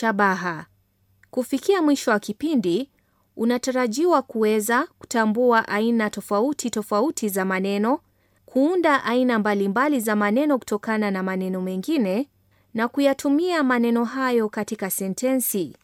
Shabaha. Kufikia mwisho wa kipindi, unatarajiwa kuweza kutambua aina tofauti tofauti za maneno, kuunda aina mbalimbali za maneno kutokana na maneno mengine na kuyatumia maneno hayo katika sentensi.